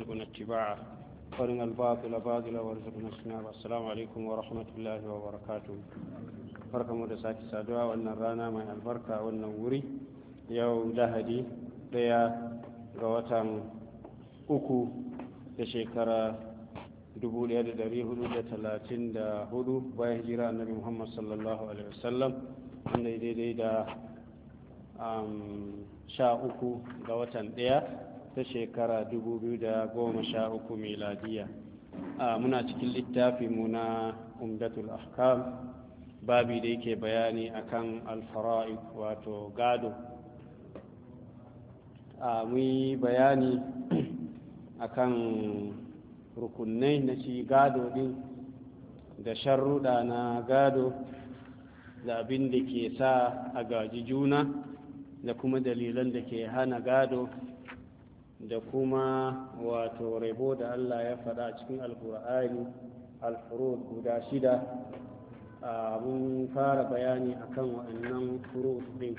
وارزقنا اتباعه وارنا الباطل باطلا وارزقنا اجتنابه السلام عليكم ورحمة الله وبركاته barka mu da sake saduwa wannan rana mai albarka wannan wuri yau lahadi daya ga watan uku da shekara 1434 bayan hijira annabi muhammad sallallahu alaihi wasallam wanda daidai da sha uku ga watan daya ta shekara 2013 miladiya muna cikin littafinmu na umdatul ahkam babi da yake bayani akan alfara'id wato gado a muyi bayani akan rukunai na shi gado din da sharruɗa na gado da abin da ke sa a gaji juna da kuma dalilan da ke hana gado da kuma wato rebo da Allah ya faɗa cikin alkur'ani alfurud guda shida mun fara bayani akan waɗannan furud ɗin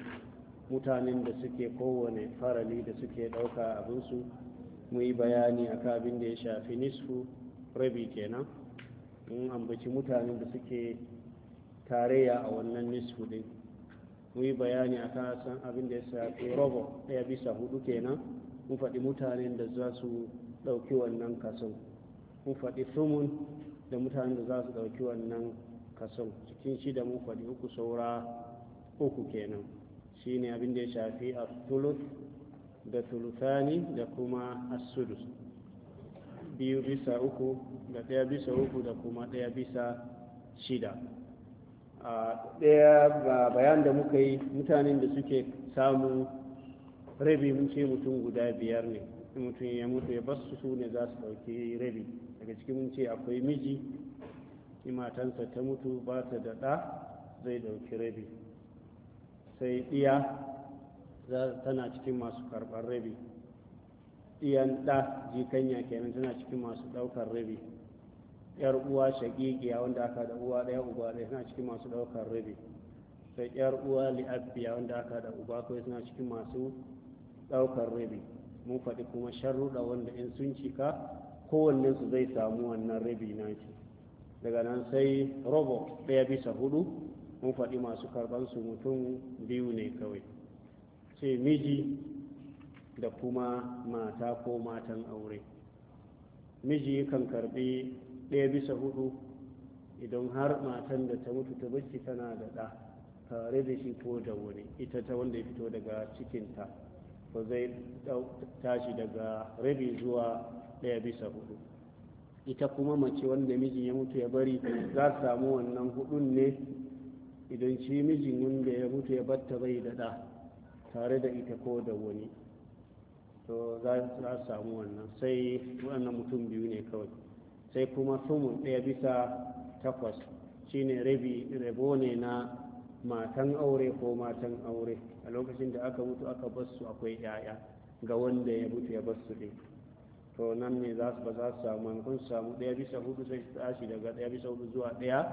mutanen da suke kowane farali da suke ɗauka abinsu mu yi bayani a abin da ya shafi nisfu rabi kenan mun ambaci mutanen da suke tarayya a wannan nisfu ɗin mu yi bayani a kan abin da ya shafi robo ɗaya bisa hudu kenan mun faɗi mutanen da za su ɗauki wannan kason mun faɗi sumun da mutanen da za su ɗauki wannan kason cikin shida mun faɗi uku saura uku kenan shi ne abin da ya shafi a da tulutani da kuma asudus biyu bisa uku da ɗaya bisa uku da kuma ɗaya bisa shida a ɗaya bayan da muka yi mutanen da suke samun rabi mun ce mutum guda biyar ne mutum ya mutu ya basu su ne za su ɗauki rabi daga cikin mun ce akwai miji matansa ta mutu ba ta da zai ɗauki rabi sai ɗiya tana cikin masu karɓar rabi ɗiyan ɗa jikanya kenan tana cikin masu ɗaukar rabi yar uwa shaƙiƙiya wanda aka da uwa ɗaya uba ɗaya suna cikin masu ɗaukar rabi sai yar uwa li'abbiya wanda aka da uba kawai suna cikin masu ɗaukar rabi mun faɗi kuma sharuɗa wanda in sun cika kowannensu zai samu wannan rabi naci daga nan sai robo ɗaya bisa hudu mun faɗi masu su mutum biyu ne kawai sai miji da kuma mata ko matan aure miji kan karɓi ɗaya bisa hudu idan har matan da ta mutu ta bacci tana da ɗa tare da shi ko da wani ita ta wanda ya fito daga cikinta ko zai tashi daga rabi zuwa daya bisa hudu ita kuma mace wanda mijin ya mutu ya bari za su samu wannan hudun ne idan shi mijin wanda ya mutu ya batta bai dada tare da ita ko da wani to za su samu wannan sai wannan mutum biyu ne kawai sai kuma sumun ɗaya bisa takwas shine rabi rabo ne na matan aure ko matan aure a lokacin da aka mutu aka basu akwai yaya ga wanda ya mutu ya basu ɗin to nan ne za su ba za su samu kun samu ɗaya bisa hudu sai su tashi daga ɗaya bisa hudu zuwa ɗaya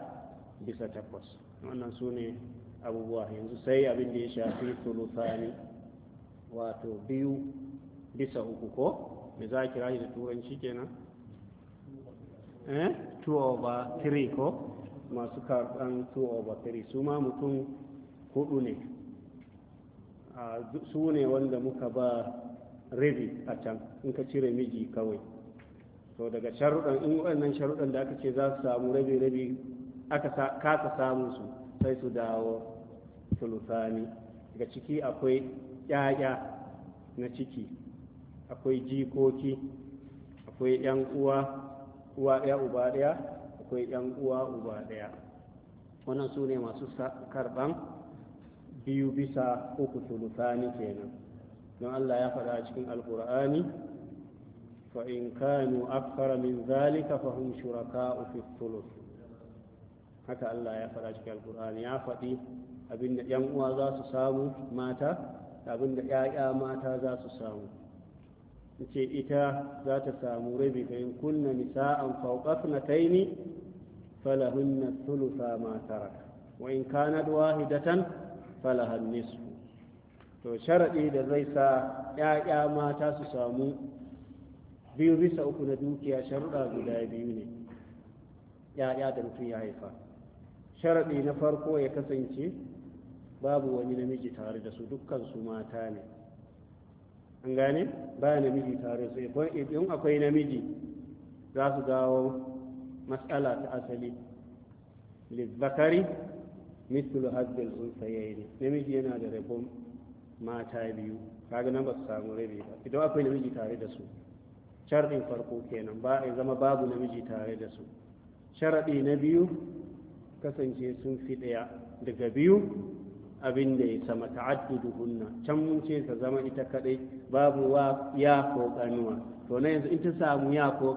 bisa takwas wannan su ne abubuwa yanzu sai abin da ya shafi tulutani wato biyu bisa uku ko me za ki kira da turanci kenan eh two over three ko masu karɓar 2 over 3 su ma mutum hudu ne su ne wanda muka ba rabi a can in ka cire miji kawai to daga sharuɗan in waɗannan sharuɗan da aka ce za su samu rabi-rabi aka kasa samu su sai su dawo sulusani daga ciki akwai ƴaƴa na ciki akwai jikoki akwai 'yan uwa uwa ɗaya uba ɗaya akwai yan uwa uba ɗaya wannan su ne masu karɓan biyu bisa uku tulusani kenan don allah ya faɗa cikin alkur'ani فإن كانوا min من ذلك فهم shuraka في الثلث haka Allah ya faɗa cikin Alkur'ani ya faɗi abinda ‘yan uwa za su samu mata abinda ‘ya'ya mata za su samu ce ita za ta samu rabi ga in kunna nisa'an fawqa thnatayn falahunna thulutha ma taraka wa in kanat wahidatan falaha nisfu to sharaɗi da zai sa ‘ya'ya mata su samu biyu bisa uku na dukiya sharuɗa guda biyu ne ‘ya'ya da mutum ya haifa sharaɗi na farko ya kasance babu wani namiji tare da su dukkan su mata ne an gane ba namiji tare su in akwai namiji za su dawo matsala ta asali lizzakari mislu haddal unsayaini namiji yana da rabon mata biyu kaga nan ba su samu rabi ba idan akwai namiji tare da su sharɗin farko kenan ba a zama babu namiji tare da su sharaɗi na biyu kasance sun fi ɗaya daga biyu abin da ya sama ta'addudu hunna can mun ce ta zama ita kaɗai babu wa ya ko to na yanzu in ta samu ya ko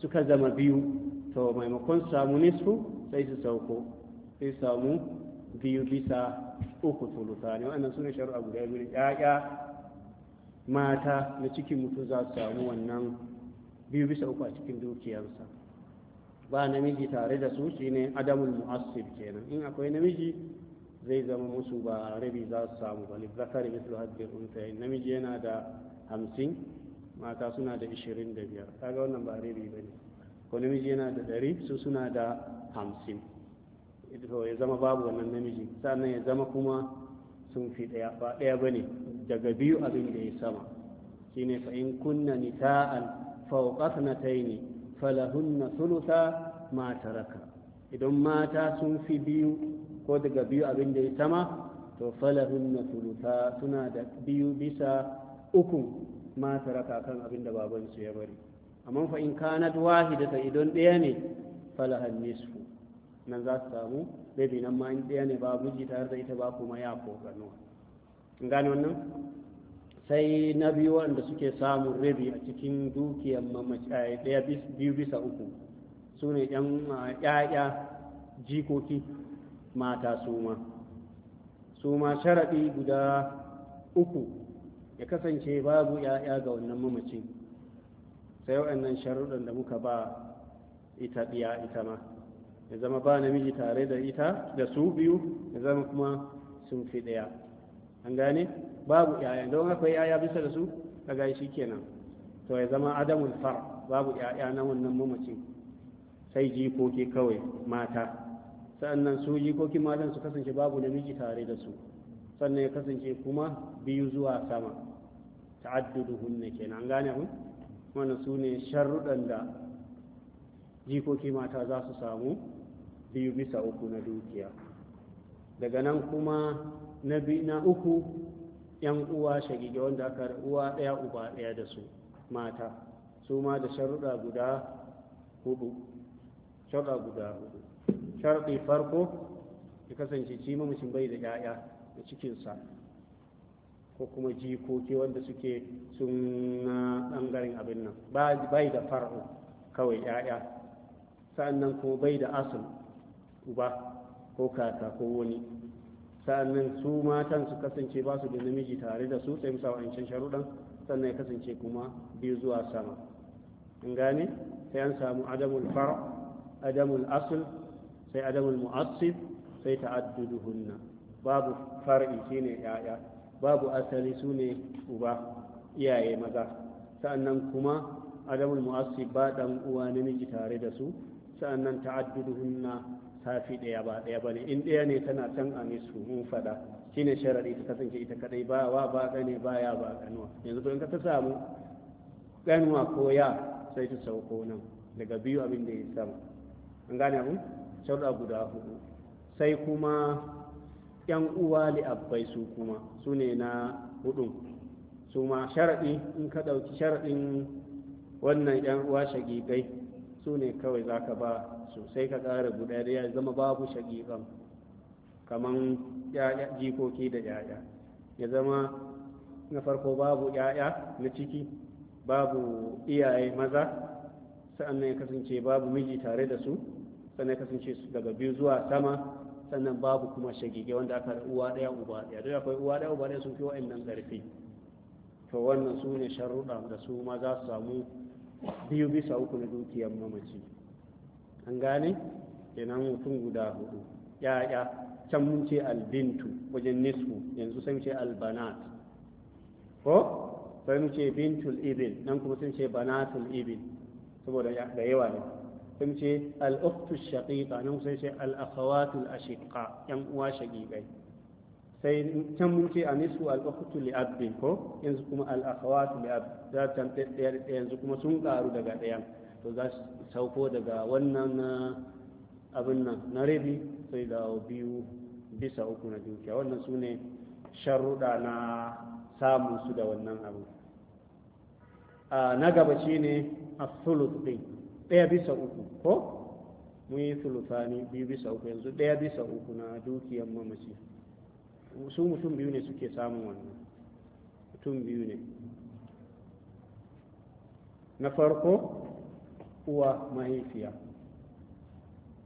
suka zama biyu to maimakon su samu nisfu sai su sauko sai samu biyu bisa uku ne wannan su ne abu guda biyu ya'ya mata na cikin mutu za su samu wannan biyu bisa uku a cikin dukiyarsa ba namiji tare da su shine adamul mu'assib kenan in akwai namiji zai zama musu ba rabi za su samu ba zakari mislu hadbir unsayin namiji yana da hamsin mata suna da ishirin da biyar kaga wannan ba rabi ba ne ko namiji yana da ɗari su suna da hamsin ya zama babu wannan namiji sannan ya zama kuma sun fi daya ba ɗaya ba ne daga biyu abin da ya sama shine fa in kunna nita'an fawqatnataini falahunna thulutha ma taraka idan mata sun fi biyu ko daga biyu abin da ya sama to falahun na suluta suna da biyu bisa uku ma kan abin da babansu ya bari amma fa in kanat ta idon ɗaya ne falahan nisfu nan za su samu rabi nan ma in ɗaya ne ba miji tare da ita ba kuma ya kokano in gane wannan sai na biyu wanda suke samun rabi a cikin dukiyar mamaci eh, ɗaya biyu bisa uku su ne ‘ya'ya ah, jikoki mata suma suma sharaɗi guda uku ya kasance babu ‘ya'ya ga wannan mamacin sai waɗannan sharuɗan da muka ba ita ɗiya ita ma ya zama ba namiji tare da ita da su biyu ya zama kuma sun fi ɗaya an gane babu ‘ya'ya don akwai ‘ya'ya bisa da su a shi kenan to ya zama adamul far babu ‘ya'ya na wannan mamacin sai jikoki kawai mata sannan su jikokin matan su kasance babu namiji tare da su sannan ya kasance kuma biyu zuwa sama ta'adduduhunna kenan an gane hun wannan su ne sharruɗan da jikoki mata za su samu biyu bisa uku na dukiya daga nan kuma na na uku yan uwa shagige wanda aka uwa ɗaya uba ɗaya da su mata su ma da sharruɗa guda hudu guda hudu sharɗi farko ya kasance ci mamacin bai da 'ya'ya da cikinsa ko kuma jikoki wanda suke sun ɓangaren abin nan bai da far'u kawai 'ya'ya sa'annan kuma bai da asul uba ko kaka ko wani sa'annan su matan su kasance ba su da namiji tare da su tsaye musawa yancan sharuɗan sannan ya kasance kuma biyu zuwa sama in gane sai an samu adamul far adamul asul sai adamul mu'assib sai ta'adduhunna babu far'i shine yaya babu asali sune uba iyaye maza sa'annan kuma adamul mu'assib ba dan uwa miji tare da su sa'annan ta safi daya ba daya bane in daya ne tana can a nisu mun fada shine sharadi ta kasance ita kadai ba wa ba gane ba ya ba ganuwa yanzu to in ka ta samu ganuwa ko ya sai ta sauko nan daga biyu abin da ya sama an gane abin sharuɗa guda hudu sai kuma yan uwa li'abbai su kuma su ne na hudun su ma sharaɗi in ka ɗauki sharaɗin wannan yan uwa shagigai su ne kawai za ka ba su sai ka ƙara guda ya zama babu shagigan kamar jikoki da yaya ya zama na farko babu yaya na ciki babu iyaye maza sa'annan ya kasance babu miji tare da su sannan kasance su daga biyu zuwa sama sannan babu kuma shagige wanda aka da uwa ɗaya uba ɗaya don akwai uwa ɗaya uba ɗaya sun fi nan ƙarfi to wannan su ne sharuɗa da su ma za su samu biyu bisa uku na dukiyar mamaci an gane kenan mutum guda hudu ya'ya can mun ce albintu wajen nisfu yanzu sai mun ce albanat ko sai mu ce bintul ibil nan kuma sun ce banatul ibil saboda da yawa ne sai mu ce al'uktu shaqiqa nan sai ce al'akhawatu al'ashiqa yan uwa shaqiqai sai can mun ce anisu al'uktu li abbi ko yanzu kuma al'akhawatu li abbi za ta ɗaya yanzu kuma sun karu daga ɗayan to za su sauko daga wannan eh, abin nan na rabi sai dawo biyu bisa uku na dukiya wannan su ne sharuɗa na samun su da wannan abu ah, na gaba shi ne a ɗin ɗaya bisa uku ko mun yi sulufani biyu bisa uku yanzu ɗaya bisa uku na dukiyar mamaci su mutum biyu ne suke samun wannan mutum biyu ne na farko uwa mahaifiya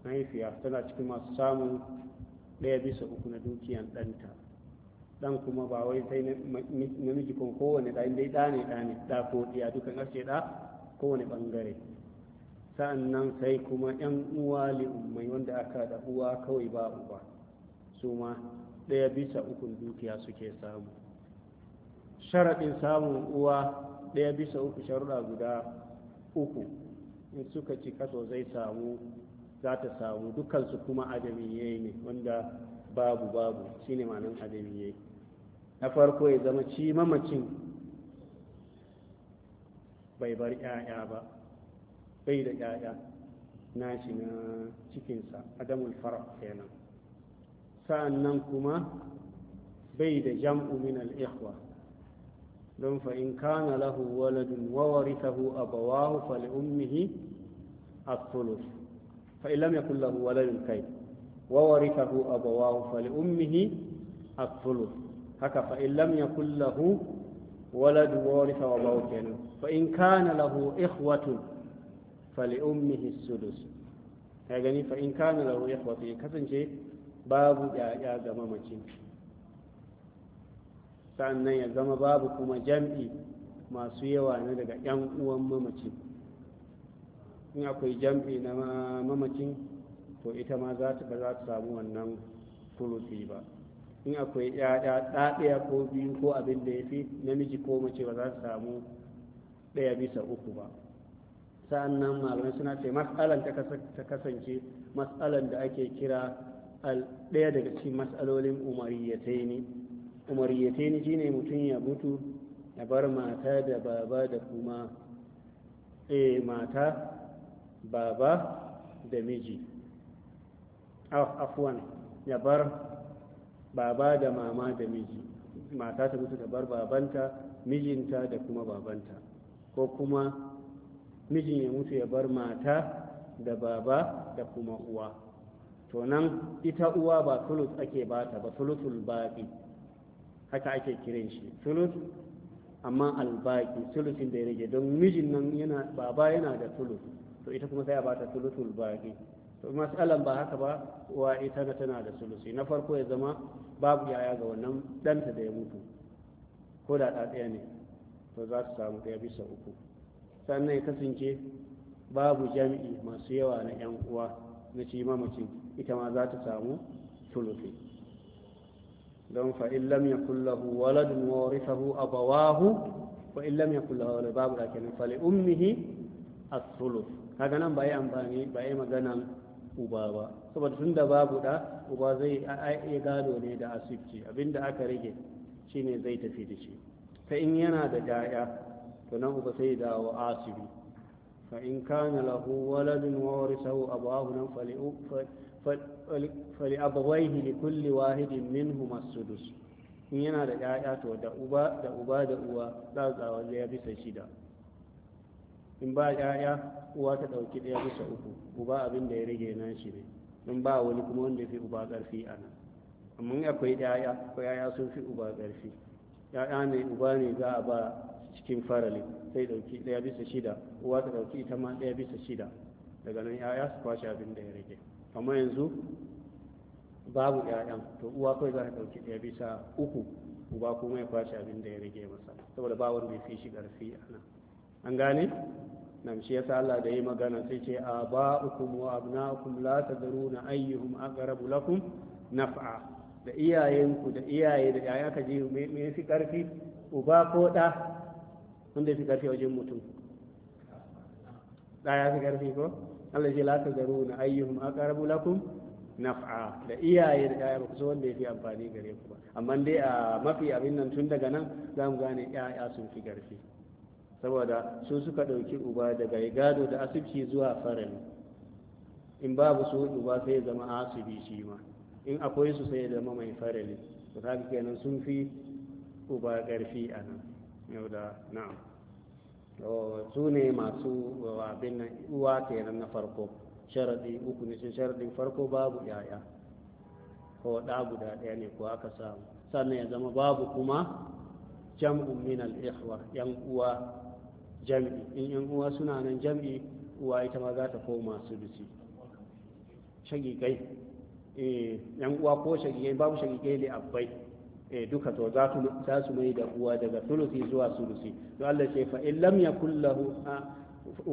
mahaifiya tana cikin masu samun ɗaya bisa uku na dukiyar ɗanta ɗan kuma ba wai sai namiji kan kowane ɗa dai ɗa ne ɗa ne ɗa ko ɗiya dukan ashe ɗa kowane ɓangare sa'annan sai kuma yan uwa li'ummai wanda aka da uwa kawai ba uba su ma ɗaya bisa ukun dukiya suke samu sharaɗin samun uwa ɗaya bisa uku sharuɗa guda uku in suka ci kaso zai samu za ta samu dukansu kuma adamiyyai ne wanda babu babu shine ma'anin adamiyyai na farko ya zama ci mamacin bai bar 'ya'ya ba bai da ƴaƴa nashi na cikinsa adamul fara kenan sa'annan kuma bai da jam'u min al-ikhwa don fa in kana lahu waladun wa warithahu abawahu fa li ummihi الثلث فإن لم يكن له ولد كي وورثه أبواه فلأمه الثلث هكا فإن لم يكن له ولد وورث أبواه كان فإن كان له إخوة fali'ummihi sudus ya gani fa in kana lahu ikhwatu ya kasance babu yaya ga mamacin sannan ya zama babu kuma jam'i masu yawa na daga yan uwan mamacin in akwai jam'i na mamacin to ita ma za ta ba za ta samu wannan fulusi ba in akwai yaya ɗaɗaya ko biyu ko abin da ya fi namiji ko mace ba za ta samu ɗaya bisa uku ba sa'annan malamai suna ce matsalan ta kasance matsalan da ake kira ɗaya daga cikin matsalolin umariyataini umariyataini shine mutum ya mutu ya bar mata da baba da kuma e mata baba da miji afuwan ya bar baba da mama da miji mata ta mutu ta bar babanta mijinta da kuma babanta ko kuma mijin ya mutu ya bar mata da baba da kuma uwa to nan ita uwa ba sulus ake bata ba sulusul baƙi haka ake kiran shi sulus amma albaƙi sulusin da ya rage don mijin nan yana baba yana da sulus to ita kuma sai a bata sulusul baƙi to masalan ba haka ba uwa ita tana da sulusi na farko ya zama babu yaya ga wannan danta da ya mutu ko da ɗaya ne to za su samu ɗaya bisa uku sannan ya kasance babu jami'i masu yawa na 'yan uwa na shi mamacin ita ma za ta samu tulufi don fa'in lam ya kullahu waladun warisahu abawahu fa'in lam ya kullahu waladun babu da fali ummihi a tuluf kaga nan ba yi amfani ba yi maganan uba ba saboda tun da babu da uba zai iya gado ne da asibiti abinda aka rage shine zai tafi da shi ta in yana da 'ya'ya sannan ku sai dawo asibi fa in kana lahu waladun wa warisahu abahu nan fali abawaihi li kulli wahidin minhum as-sudus in yana da ƴaƴa, to da uba da uba da uwa za su tsawa ya bisa shida in ba ƴaƴa uwa ta ɗauki ɗaya bisa uku uba abin da ya rage na shi ne in ba wani kuma wanda ya fi uba ƙarfi a nan amma akwai ƴaƴa, ko 'ya'ya sun fi uba ƙarfi Ƴaƴa ne uba ne za a ba cikin farali sai dauki daya bisa shida uwa ta dauki ita ma daya bisa shida daga nan yaya su kwashe abin da ya rage amma yanzu babu yayan to uwa kawai za ta dauki daya bisa uku uba kuma ya kwashe abin da ya rage masa saboda ba wanda ya fi shi garfi a nan an gane nam shi yasa Allah da yi magana sai ce a ba'ukum wa abna'ukum la tadruna ayyuhum aqrabu lakum naf'a da iyayenku da iyaye da yaya ka ji me fi karfi uba ko da wanda ya fi karfi wajen mutum ya fi karfi ko Allah ya ce la tazaru na ayyuhum aqrabu lakum naf'a da iyaye da ƴaƴa ba ku so wanda ya fi amfani gare ku ba amma dai a mafi abin nan tun daga nan za mu gane ƴaƴa sun fi karfi saboda su suka ɗauki uba daga gado da asibiti zuwa faran in babu su uba sai ya zama asibi shi ma in akwai su sai zama mai farali to kaga kenan sun fi uba ƙarfi a nan yau da na'am su ne masu abin nan uwa kenan na farko sharaɗi uku ne sun farko babu yaya ko ɗa guda ɗaya ne ko aka samu sannan ya zama babu kuma jam'un min al-ihwa yan uwa jam'i in yan uwa suna nan jam'i uwa ita ma za ta koma su bisi shagigai eh, yan uwa ko shagigai babu shagigai li abbai Eh, duka to za su su mai da uwa daga sulusi zuwa sulusi to Allah ce fa in lam yakul lahu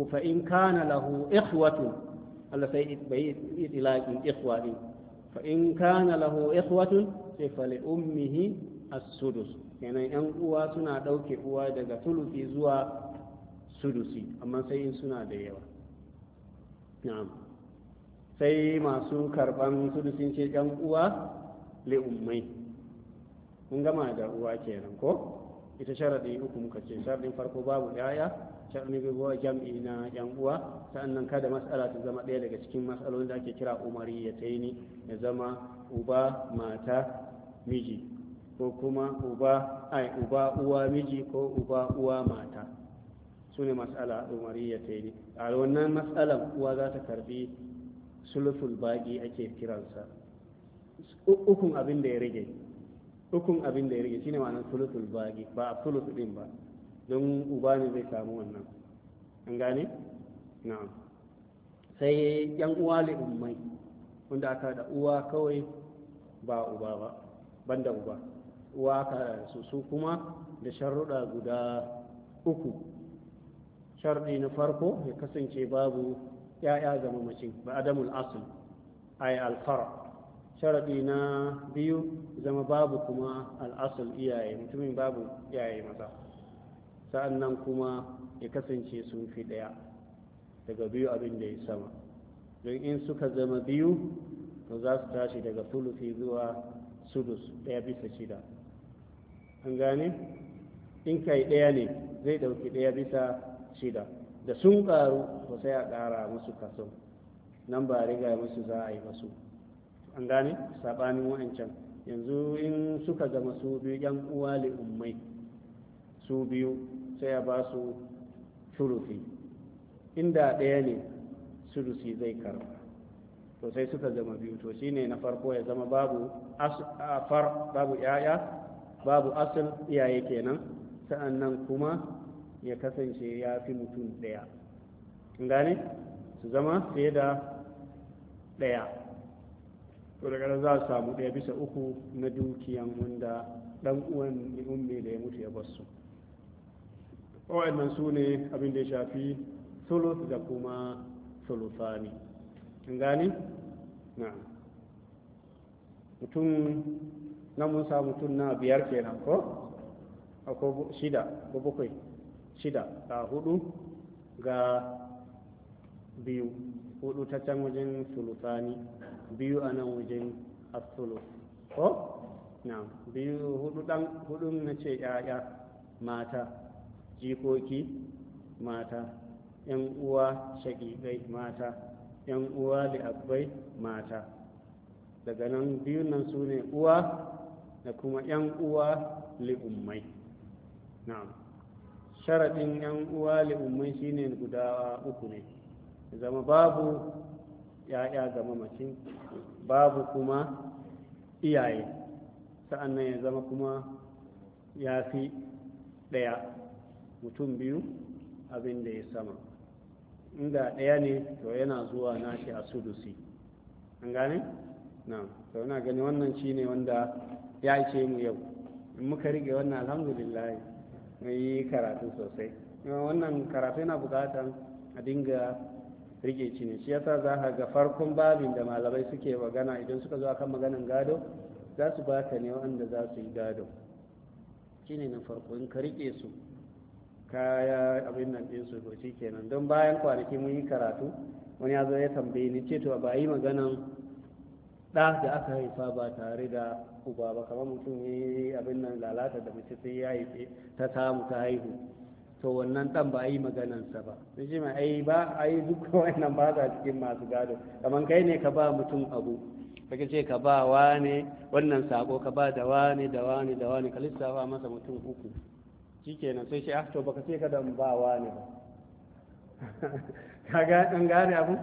fa in kana lahu ikhwatu Allah sai bai itlaqin ikhwa din fa in kana lahu ikhwatu sai fa li ummihi as-sudus kenan yan uwa suna dauke uwa daga sulusi zuwa sudusi amma sai in suna da yawa na'am sai masu karban sudusin ce yan uwa li ummai Mun gama da uwa kenan ko ita sharadi uku muka ce sharadin farko babu yaya sharadin biyu jam'i na yan uwa sannan kada mas'ala ta zama ɗaya daga cikin mas'alolin da ake kira umari ya taini ya zama uba mata miji ko kuma uba ai uba uwa miji ko uba uwa mata su ne mas'ala umari ya taini a wannan mas'alan uwa za ta karbi sulusul baki ake kiransa ukun abin da ya rage ukun abin da ya rage shine ma'anar sulusul bagi ba a sulusu din ba don uba ne zai samu wannan an gane na'am sai yan uwa li ummai wanda aka da uwa kawai ba uba ba banda uba uwa aka da su su kuma da sharuɗa guda uku sharɗi na farko ya kasance babu ya'ya ga mamacin ba adamul asl ay alfara sharaɗi na biyu zama babu kuma al'asul iyaye mutumin babu iyaye maza sa'annan kuma ya kasance sun fi ɗaya daga biyu abin da ya sama don in suka zama biyu to za su tashi daga tulufi zuwa sudus ɗaya bisa shida an gane in kai ɗaya ne zai ɗauki ɗaya bisa shida da sun ƙaru ko sai a ƙara musu kaso nan ba riga musu za a yi masu an gane sabanin wa'ancan yanzu in suka zama su biyu yan uwa ummai su biyu sai ya ba su shurufi inda ɗaya ne shurufi zai karba to sai suka zama biyu to shine na farko ya zama babu afar babu yaya babu asal iyaye kenan sa'annan kuma ya kasance ya fi mutum ɗaya gane su zama fiye da ɗaya to daga nan za a samu ɗaya bisa uku na dukiyan wanda ɗan uwan ummi da ya mutu ya basu wa'annan su ne abin da ya shafi thuluth da kuma thuluthani kin gani na mutum na mun sa mutum na biyar kenan ko akwai shida ko bakwai shida ga hudu ga biyu hudu ta can wajen thuluthani biyu a nan wajen asulu ko na biyu hudu na ce ya'ya mata jikoki mata yan uwa shaƙiƙai mata yan uwa da abbai mata daga nan biyu nan su ne uwa da kuma yan uwa li'ummai na sharaɗin yan uwa li'ummai shine guda uku ne zama babu ‘ya'ya ga mamacin babu kuma iyaye sa'annan ya zama kuma ya fi ɗaya mutum biyu abin da ya sama inda ɗaya ne to yana zuwa nashi a sudusi an gane? na to na gani wannan shi ne wanda ya ce mu yau in muka rige wannan alhamdulillah mai yi karatu sosai wannan karatu yana bukatar a dinga rike shi ne shi yasa za ka ga farkon babin da malamai suke magana idan suka zo akan maganan gado za su baka ne wanda za su yi gado ne na farko in ka rike su kaya abin nan ɗin su to kenan don bayan kwanaki mun yi karatu wani ya zo ya tambaye ni ce to ba yi maganan ɗa da aka haifa ba tare da uba ba kamar mutum ya yi abin nan lalata da mace sai ya haife ta samu ta haihu to wannan dan ba a yi maganansa ba sai shi mai ai ba a yi duk wannan ba sa cikin masu gado kamar kai ne ka ba mutum abu kake ce ka ba wane wannan sako ka ba da wane da wane da wane ka lissafa masa mutum uku shikenan sai shi a ah, to baka ce ka dan ba wane ba kaga an gane abu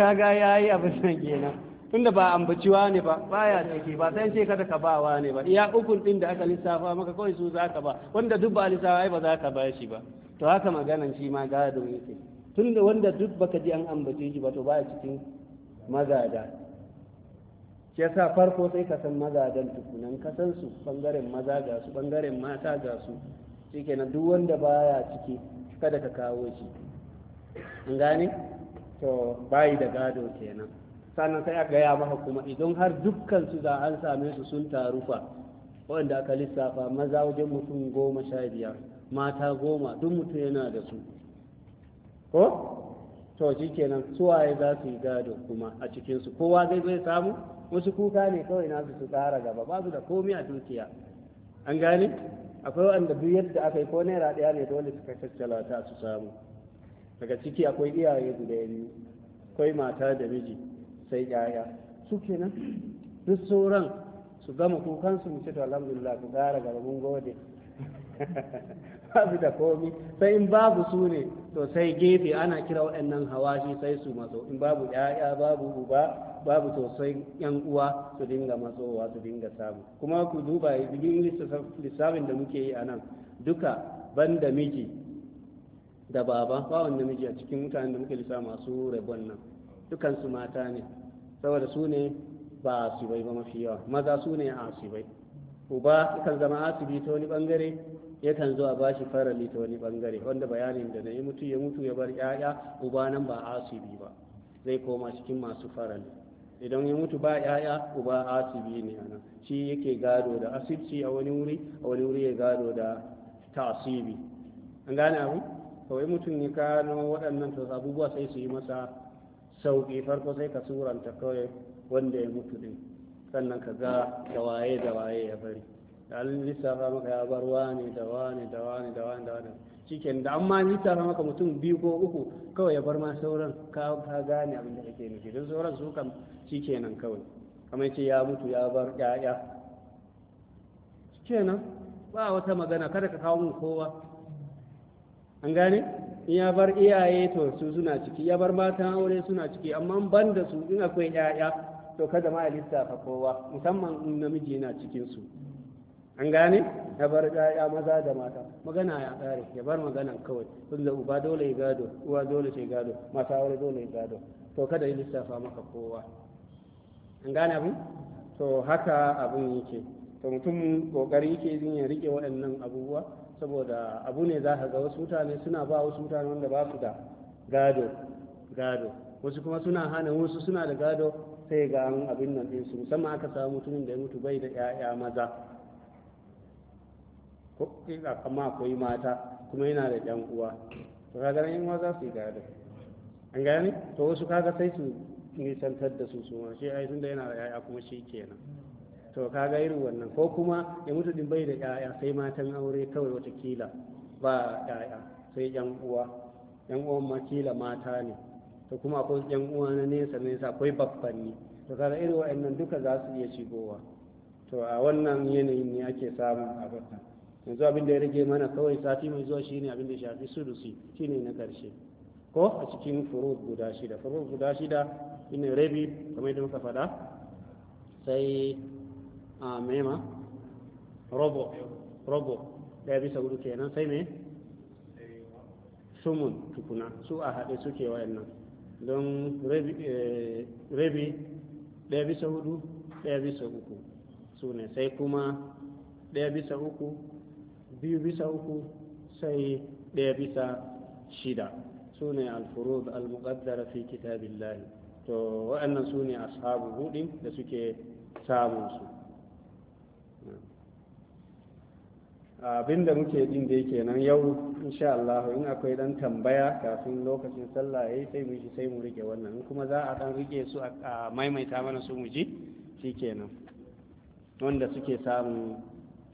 kaga yayi abin nan kenan tunda ba ambaciwa ne ba baya ciki ba sai ce kada ka bawa ne ba iya ukun din da aka lissafa maka kawai su za ka ba wanda duk ba lissafa ai ba za ka ba shi ba to haka maganan shi ma gadon yake tunda wanda duk baka ji an ambace shi ba to baya cikin magada shi yasa farko sai ka san magadan tukunan ka san su bangaren maza ga su bangaren mata ga su shikenan duk wanda baya ciki kada ka kawo shi an gane to bayi da gado kenan sannan sai a gaya maka kuma idan har dukkan su da an same su sun taru fa wanda aka lissafa maza wajen mutum goma sha biyar mata goma duk mutum yana da su ko to shi kenan suwaye za su yi gado kuma a cikinsu kowa zai zai samu wasu kuka ne kawai nasu su tsara gaba ba su da komi a dukiya an gane akwai wanda duk yadda aka yi ko naira ɗaya ne dole suka tattalata su samu daga ciki akwai iyaye guda biyu akwai mata da miji sai yaya su kenan duk sauran su gama kukansu mu ce to alhamdulillah ku gara gaba mun gode babu da komi sai in babu su ne to sai gefe ana kira waɗannan hawashi sai su matso in babu ya'ya babu uba babu sosai yan uwa su dinga matsowa su dinga samu kuma ku duba bigin lissafin da muke yi a nan duka ban da miji da baba ba wanda miji a cikin mutanen da muke lissafa masu rabon nan dukansu mata ne saboda su ne ba asibai ba mafi yawa maza su ne a asibai uba kan zama asibi ta wani bangare yakan zo a bashi farali ta wani bangare wanda bayanin da na yi mutu ya mutu ya bar ya'ya uba nan ba asibi ba zai koma cikin masu farali idan ya mutu ba ya'ya uba asibi ne ana shi yake gado da asibci a wani wuri a wani wuri ya gado da tasibi an gane abu kawai mutum ya kano waɗannan abubuwa sai su yi masa sauƙi farko sai ka suranta kawai wanda ya mutu ne sannan ka ga da waye da waye ya bari da an lissafa maka ya bar wani da wani da wani da wani da wani cikin da amma lissafa maka mutum biyu ko uku kawai ya bar ma sauran ka gane abin da ke nufi don sauran su kam shikenan kawai kamar ce ya mutu ya bar ƴaƴa nan ba wata magana kada ka kawo mun kowa an gane ya bar iyaye to su suna ciki ya bar matan aure suna ciki amma ban da su in akwai 'ya'ya to kada ma ya lissafa kowa musamman in namiji yana cikin su an gane ya bar 'ya'ya maza da mata magana ya ƙare ya bar magana kawai tunda uba dole ya gado uwa dole ta gado mata aure dole ya gado to kada ya lissafa maka kowa an gane abin to haka abin yake to mutum kokari yake yin ya rike waɗannan abubuwa saboda abu ne za ka ga wasu mutane suna ba wasu mutane wanda ba su da gado gado wasu kuma suna hana wasu suna da gado sai ga an abin nan su musamman aka samu mutumin da ya mutu bai da 'ya'ya maza ko kama akwai mata kuma yana da ƴan uwa to kaga nan yan za su yi gado an gane to wasu kaga sai su nisantar da su su ma shi ai tunda yana da 'ya'ya kuma shi kenan to kaga irin wannan ko kuma ya mutu din bai da ƴaƴa sai matan aure kawai wata kila ba 'ya'ya, sai yan uwa yan uwan ma kila mata ne to kuma akwai yan uwa na nesa nesa akwai babbanni to kaga irin wa'annan duka za su iya shigowa to a wannan yanayin ne ake samun gaba yanzu abin da ya rage mana kawai sati mai zuwa shine abin da shafi sudusi shine na karshe ko a cikin furud guda shida furud guda shida ina rabi kamar yadda muka faɗa sai a ah, mema robo robo daya bisa hudu kenan sai me sumun tukuna su a haɗe suke wayannan don rabi eh, daya bisa hudu daya bisa uku su ne sai kuma daya bisa uku biyu bisa uku sai daya bisa shida su ne alfurud al-muqaddara fi kitabillahi to waɗannan su ne ashabu hudin da suke samun su Abin da muke din da yake nan yau insha Allah in akwai dan tambaya kafin lokacin sallah yayi sai mu shi sai mu rike wannan kuma za a dan rike su a maimaita mana su mu ji shikenan wanda suke samu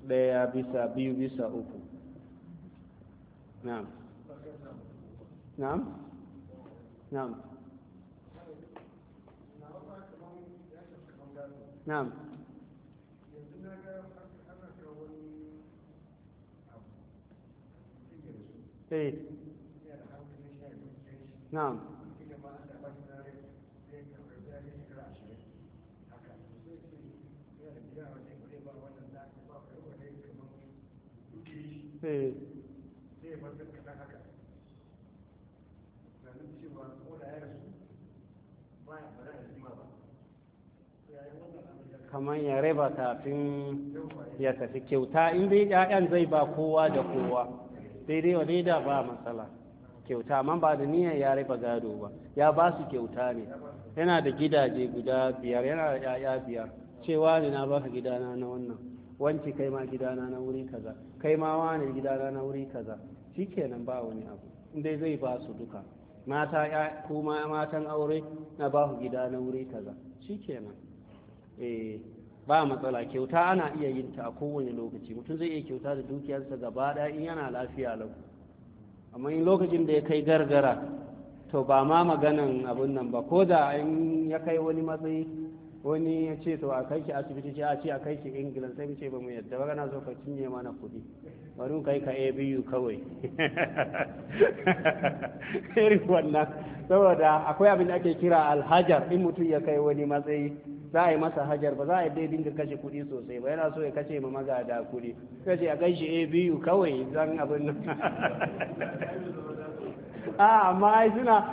daya bisa biyu bisa uku na'am na'am na'am na'am eh kamar ya raba kafin ya tafi kyauta in dai 'ya'yan zai ba kowa da kowa sai dai wa da ba matsala kyauta amma ba da niyan ya raba gado ba ya ba su kyauta ne yana da gidaje guda biyar yana da ya'ya biyar cewa ne na baka gidana na wannan wanci kai ma gidana na wuri kaza kai ma wani gidana na wuri kaza shikenan ba wani abu indai zai ba su duka mata ya kuma matan aure na ba ku gida na wuri kaza shikenan eh ba matsala kyauta ana iya yin ta a kowane lokaci mutum zai iya kyauta da dukiyarsa gaba ɗaya in yana lafiya lau amma in lokacin da ya kai gargara to ba ma maganan abin nan ba ko da in ya kai wani matsayi wani ya ce to a kai ki asibiti ce a ce a kai ki ingila sai mu ce ba mu yadda ba kana so ka cinye mana kuɗi bari mu kai ka abu kawai irin wannan saboda akwai abin da ake kira alhajar in mutum ya kai wani matsayi za a yi masa hajar ba za a dai dinga kashe kuɗi sosai ba yana so ya kashe ma magada kuɗi sai ce a kan shi a biyu kawai zan abin nan a amma ai suna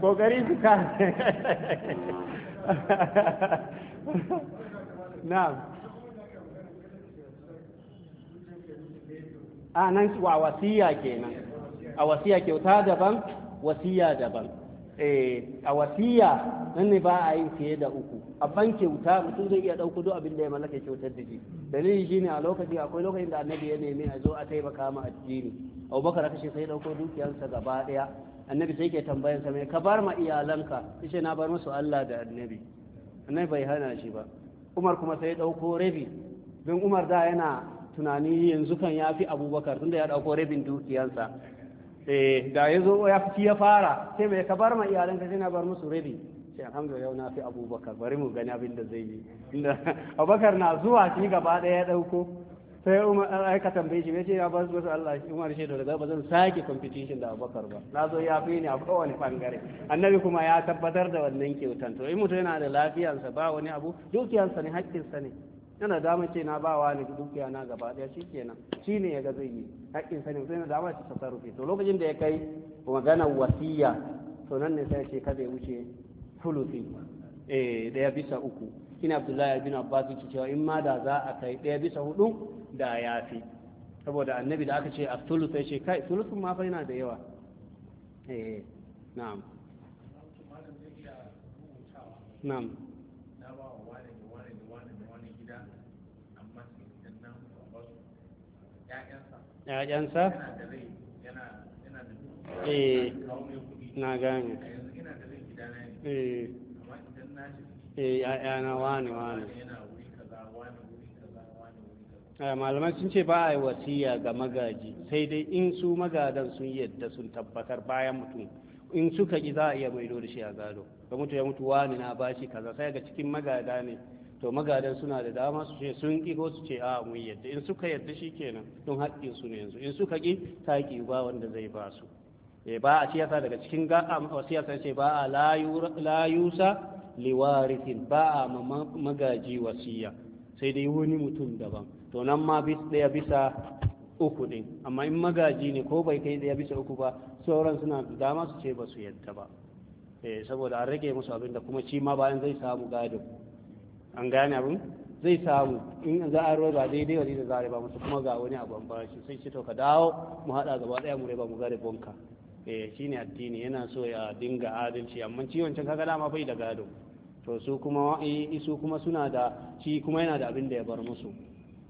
kokari su ka na'am a nan wa wasiya kenan a wasiya kyauta daban wasiya daban Eh, a wasiya nan ne ba a yi fiye da uku a ban kyauta mutum zai iya ɗauko duk abin da ya mallaka kyautar da shi dalili shine a lokaci akwai lokacin da annabi ya nemi a zo a taimaka ma addini abubakar aka ce sai ɗauko dukiyarsa gaba ɗaya annabi sai ke tambayar sa mai ka bar ma iyalanka ishe na bar musu Allah da annabi annabi bai hana shi ba umar kuma sai ɗauko rabi don umar da yana tunani yanzu kan ya fi abubakar tunda ya ɗauko rabin dukiyarsa eh da ya zo ya fi ya fara sai mai ka bar ma iyalan ka sai na bar musu rabi sai alhamdulillah yau na fi abubakar bari mu gani abin da zai yi abubakar na zuwa shi gaba daya ya ɗauko sai umar aika tambaye shi ya ce ya bar wasu Allah umar shi da ba zan sake competition da abubakar ba na zo ya fi ni a kowane bangare annabi kuma ya tabbatar da wannan kyautan to in mutum yana da lafiyarsa ba wani abu dukiyansa ne haƙƙinsa ne yana damar ce na bawa ne dukiya na gaba daya shi shine yaga zai yi hakkin sani sai na ce shi rufe. to lokacin da ya kai magana wasiya to nan ne sai ce kada ya wuce fulufi eh daya bisa uku ina abdullahi bin abbas ce cewa in ma da za a kai daya bisa hudu da ya fi? saboda annabi da aka ce a fulufi sai ce kai thuluthun ma fa yana da yawa eh na'am na'am ƴaƴansa eh, na gane ƴaƴana eh, eh, wani wani malamai sun ce ba a yi wasiya ga magaji sai dai in su magadan sun yadda sun tabbatar bayan mutum in suka ki za a iya maido da shi a gado ga mutu ya mutu wani na bashi kaza sai ga cikin magada ne to magadan suna da dama su ce sun ki ko su ce a mun yadda in suka yadda kenan don haƙƙin su ne yanzu in suka ki ta ki ba wanda zai ba su eh ba a siyasa daga cikin ga siyasa ce ba a layusa liwarithin ba a magaji wasiya sai dai wani mutum daban to nan ma daya bisa uku din amma in magaji ne ko bai kai daya bisa uku ba sauran suna da dama su ce ba su yadda ba eh, saboda an rage musu abin kuma shi ma bayan zai samu gadin an gane abin zai samu in za a roba daidai wani da za a riba kuma ga wani abu an bashi sai shi to ka dawo mu haɗa gaba ɗaya mu ba mu ga ribonka eh ne addini yana so ya dinga adalci amma ciwon can kaga dama bai da gado to su kuma su kuma suna da shi kuma yana da abin da ya bar musu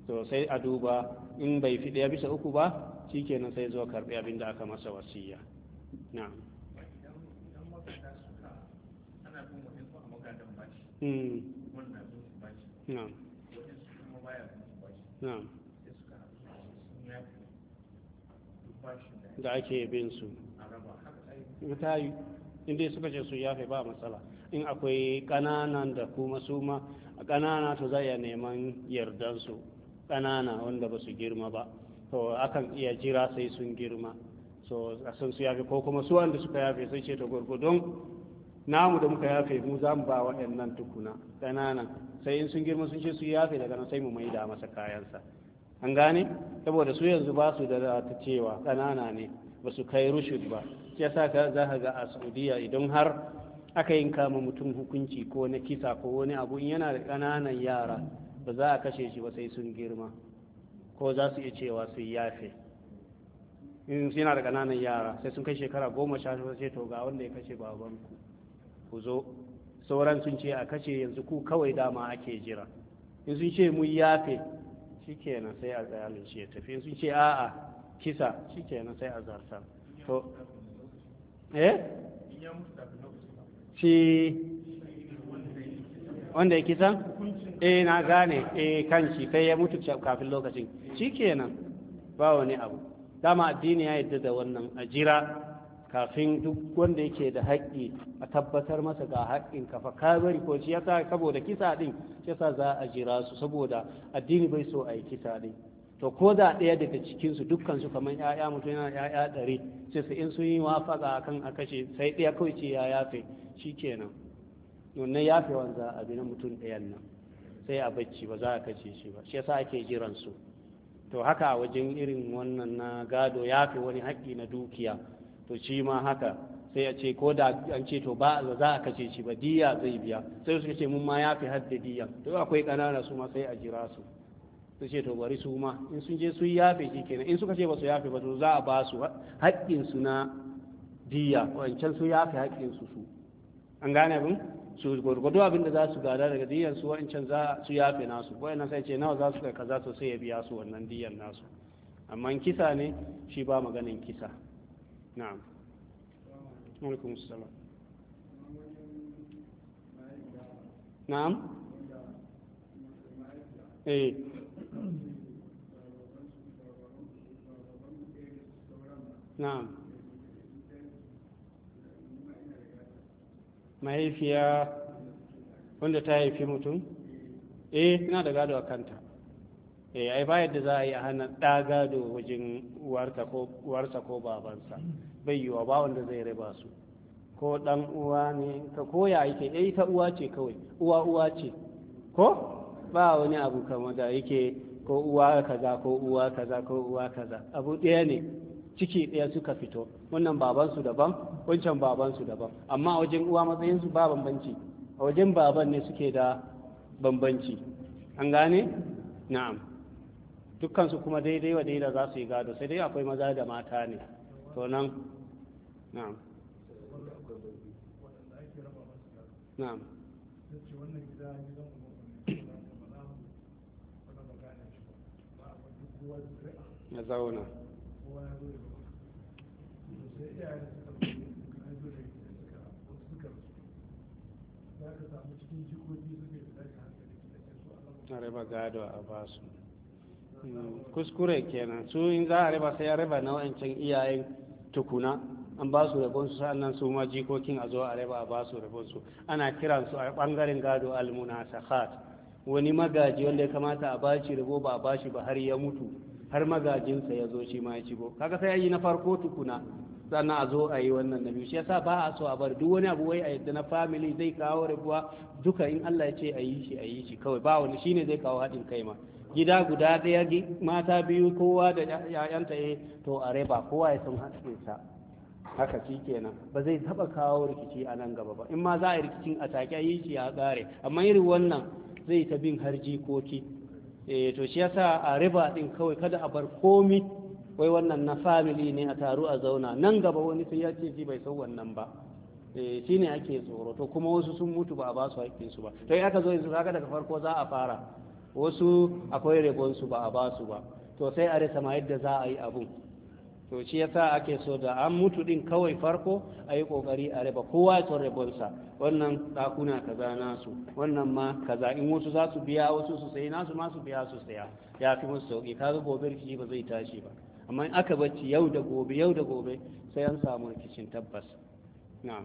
to sai a duba in bai fi ɗaya bisa uku ba kenan sai zo karɓi abin da aka masa wasiya na'am Mm. نعم نعم da ake bin su ta yi inda suka ce su yafe ba matsala in akwai ƙananan da kuma su ma a ƙanana to za iya neman yardansu ƙanana wanda ba su girma ba to akan iya jira sai sun girma so a san su yafe ko kuma su wanda suka yafe sai ce ta gwargwadon namu da muka yafe mu za mu ba waɗannan tukuna ƙanana sai in sun girma sun ce su yafe daga nan sai mu da masa kayansa an gane saboda su yanzu ba su da ta cewa ƙanana ne ba su kai rushud ba ya sa ka za ka ga a saudiya idan har aka yin kama mutum hukunci ko na kisa ko wani abu in yana da ƙananan yara ba za a kashe shi ba sai sun girma ko za su iya cewa su yafe in yana da ƙananan yara sai sun kai shekara goma sha sai to ga wanda ya kashe babanku ku zo sauran sun ce a kashe yanzu ku kawai dama ake jira in sun ce mu yafe shikenan sai a tsayalin shi ya tafi in sun ce a'a kisa shikenan sai a zarta to eh shi wanda ya kisan eh na gane eh kan shi sai ya mutu kafin lokacin shikenan ba wani abu dama addini ya yadda da wannan a jira kafin duk wanda yake da haƙƙi a tabbatar masa ga haƙƙin kafa ka bari ko shi yasa saboda kisa din yasa za a jira su saboda addini bai so a yi kisa din to ko da ɗaya daga cikin su dukkan su kamar 'ya'ya mutum yana ƴaƴa ɗari sai su in sun yi wafaka akan a kashe sai ɗaya kawai ce ya yafe shi kenan. Wannan yafe wanza a bi na mutum ɗayan nan sai a bacci ba za a kashe shi ba shi yasa ake jiran su to haka a wajen irin wannan na gado yafe wani haƙƙi na dukiya to shi ma haka sai ya ce ko da an ce to ba za a kace shi ba diya zai biya sai suka ce mun ma ya fi hadda diya to akwai ƙanana su ma sai a jira su su ce to bari su ma in sun je su yafe shi kenan in suka ce ba su yafe ba to za a ba su haƙƙin su na diya wancan su yafe haƙƙin su su an gane abin su gwargwado abin da za su gada daga diyan su wancan za su yafe nasu wayannan sai ce nawa za su kai kaza to sai ya biya su wannan diyan nasu amma kisa ne shi ba maganin kisa na'am alaikum eh. wanda ta haifi mutum eh tana da gado kanta eh ai ba yadda za a yi hana ɗa gado wajen uwarsa ko babansa bai yi wa ba wanda zai riba su ko ɗan uwa ne ka koya yake eh ta uwa ce kawai uwa uwa ce ko ba wani abu kamar da yake ko uwa kaza ko uwa kaza ko uwa kaza abu ɗaya ne ciki ɗaya suka fito wannan babansu daban wancan babansu daban amma wajen uwa matsayinsu ba bambanci a wajen baban ne suke da bambanci an gane na'am dukkansu kuma daidai wa daidai za su yi gado sai dai akwai maza da mata ne to nan na'am na'am ya zauna za ka samu cikin jikoki suke da daga hankali da ke a raba gado a basu kuskure kenan su in za a raba sai ya raba na iyayen tukuna an ba su rabon su sannan su ma jikokin a zo a raba a ba su rabon su ana kiran su a bangaren gado almunasakhat wani magaji wanda ya kamata a bashi rabo ba a bashi ba har ya mutu har magajinsa ya zo shi ma ya bo. kaga sai yi na farko tukuna sannan a zo a yi wannan na biyu shi yasa ba a so a bar duk wani abu wai a yadda na family zai kawo rabuwa duka in Allah ya ce a yi shi a yi shi kawai ba wani shine zai kawo haɗin kai ma gida guda ɗaya mata biyu kowa da yayanta ya eh, to a raba kowa ya sun haske ta haka shi kenan ba zai taba kawo rikici a nan gaba ba in ma za a yi rikicin a take yi shi ya kare amma irin wannan zai ta bin har jikoki eh to shi yasa a riba din kawai kada a bar komi wai wannan na family ne a taru a zauna nan gaba wani sai ya ce shi bai san wannan ba eh shine ake tsoro to kuma wasu sun mutu ba a ba su haƙƙin ba to aka zo yanzu kaga daga farko za a fara wasu akwai rabonsu ba a ba su ba to sai a rasa ma yadda za a yi abu. to shi yasa ake so da an mutu din kawai farko a yi kokari a raba kowa ya rabonsa wannan ɗakuna kaza nasu wannan ma kaza in wasu za su biya wasu su sayi nasu ma su biya su saya ya fi musu sauƙi kaga gobe rikici ba zai tashi ba amma in aka bacci yau da gobe yau da gobe sai an samu rikicin tabbas na'am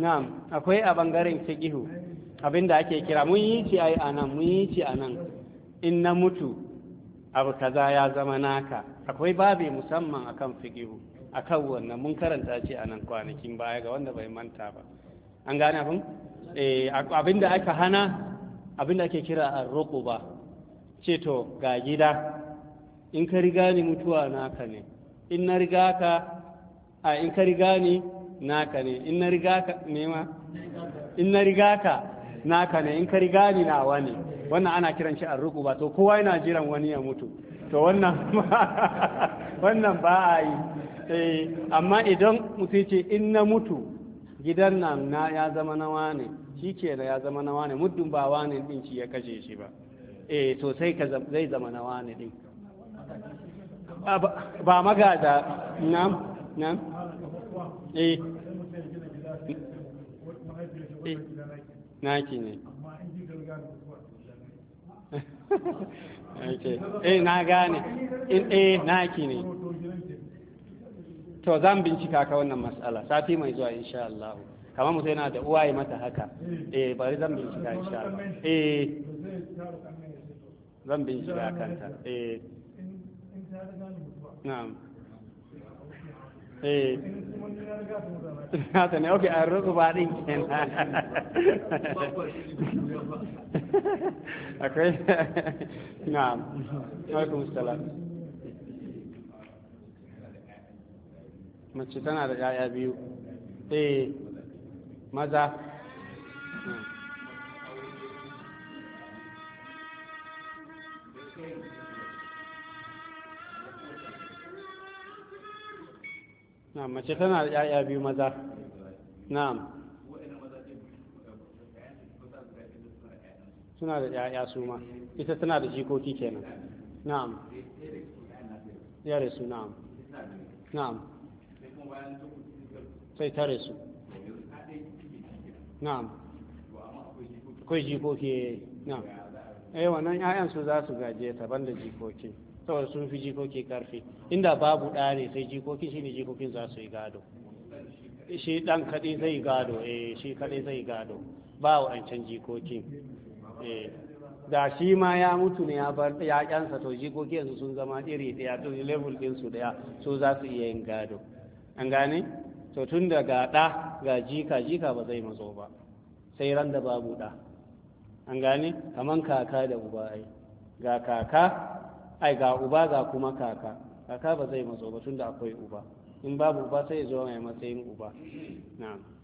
na'am akwai a bangaren fiqihu abinda ake kira mun yi ci ai anan mun yi ci anan in na mutu abu kaza ya zama naka akwai babi musamman akan fiqihu akan wannan mun karanta ci anan kwanakin baya ga wanda bai manta ba an gane abin eh abinda aka hana abinda ake kira ar ba ce to ga gida in ka riga ni mutuwa naka ne in na riga ka a in ka riga ni naka ne in na riga ka nema in na riga ka naka ne in ka riga ni nawa ne wannan ana kiran shi arruku ba to kowa yana jiran wani ya mutu to wannan wannan ba a yi eh, amma idan mutum ce in na mutu gidan nan na ya zama na wane shi ke da ya zama na wane muddin ba wane din shi ya kashe shi ba eh to sai ka zai zama na wane din ba magada nan, na eh, eh. naki ne eh na gane eh naki ne to zan bincika ka wannan mas'ala sati mai zuwa insha Allah kamar mutum yana da uwaye mata haka eh bari zan bincika insha Allah eh zan bincika kanta eh na'am eh ne ok an mace tana da 'ya'ya biyu eh maza na mace tana da 'ya'ya biyu maza na'am suna da 'ya'ya su ma ita tana da jikoki kenan na'am ya resu na'am na'am sai ta resu na'am akwai jikoki eh, na'am eh wannan 'ya'yan su za su gaje ta banda jikoki saboda sun fi jikoki karfi inda babu ɗa ne sai jikoki shi ne jikokin za su yi gado shi ɗan kaɗai zai gado eh shi kaɗai zai gado ba wa'ancan jikokin eh da shi ma ya mutu ne ya bar yaƙensa to jikoki yanzu sun zama iri ɗaya to level su ɗaya so za su iya yin gado an gane to tun da ga ɗa ga jika jika ba zai matso ba sai ran da babu ɗa an gane kaman kaka da uba ai ga kaka ai ga uba ga kuma kaka kaka ba zai matso ba tunda akwai uba in babu uba sai ya zo mai matsayin uba na'am